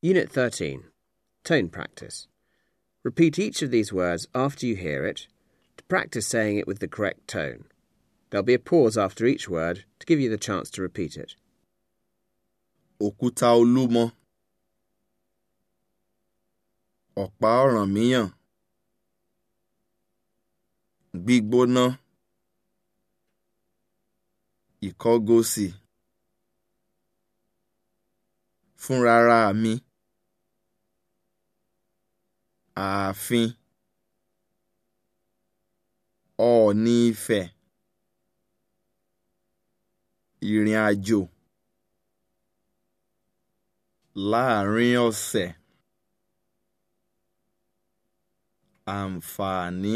Unit 13. Tone practice. Repeat each of these words after you hear it to practice saying it with the correct tone. There'll be a pause after each word to give you the chance to repeat it. Òkúta Olúmọ Ọ̀pá Ọ̀rànmíyàn Gbígbóná Ìkọ́gòsì Fúnrara mi. ààfin ọ̀ọ̀ni ifẹ̀ ìrìn àjò láàrin ọ̀sẹ̀ àǹfààní.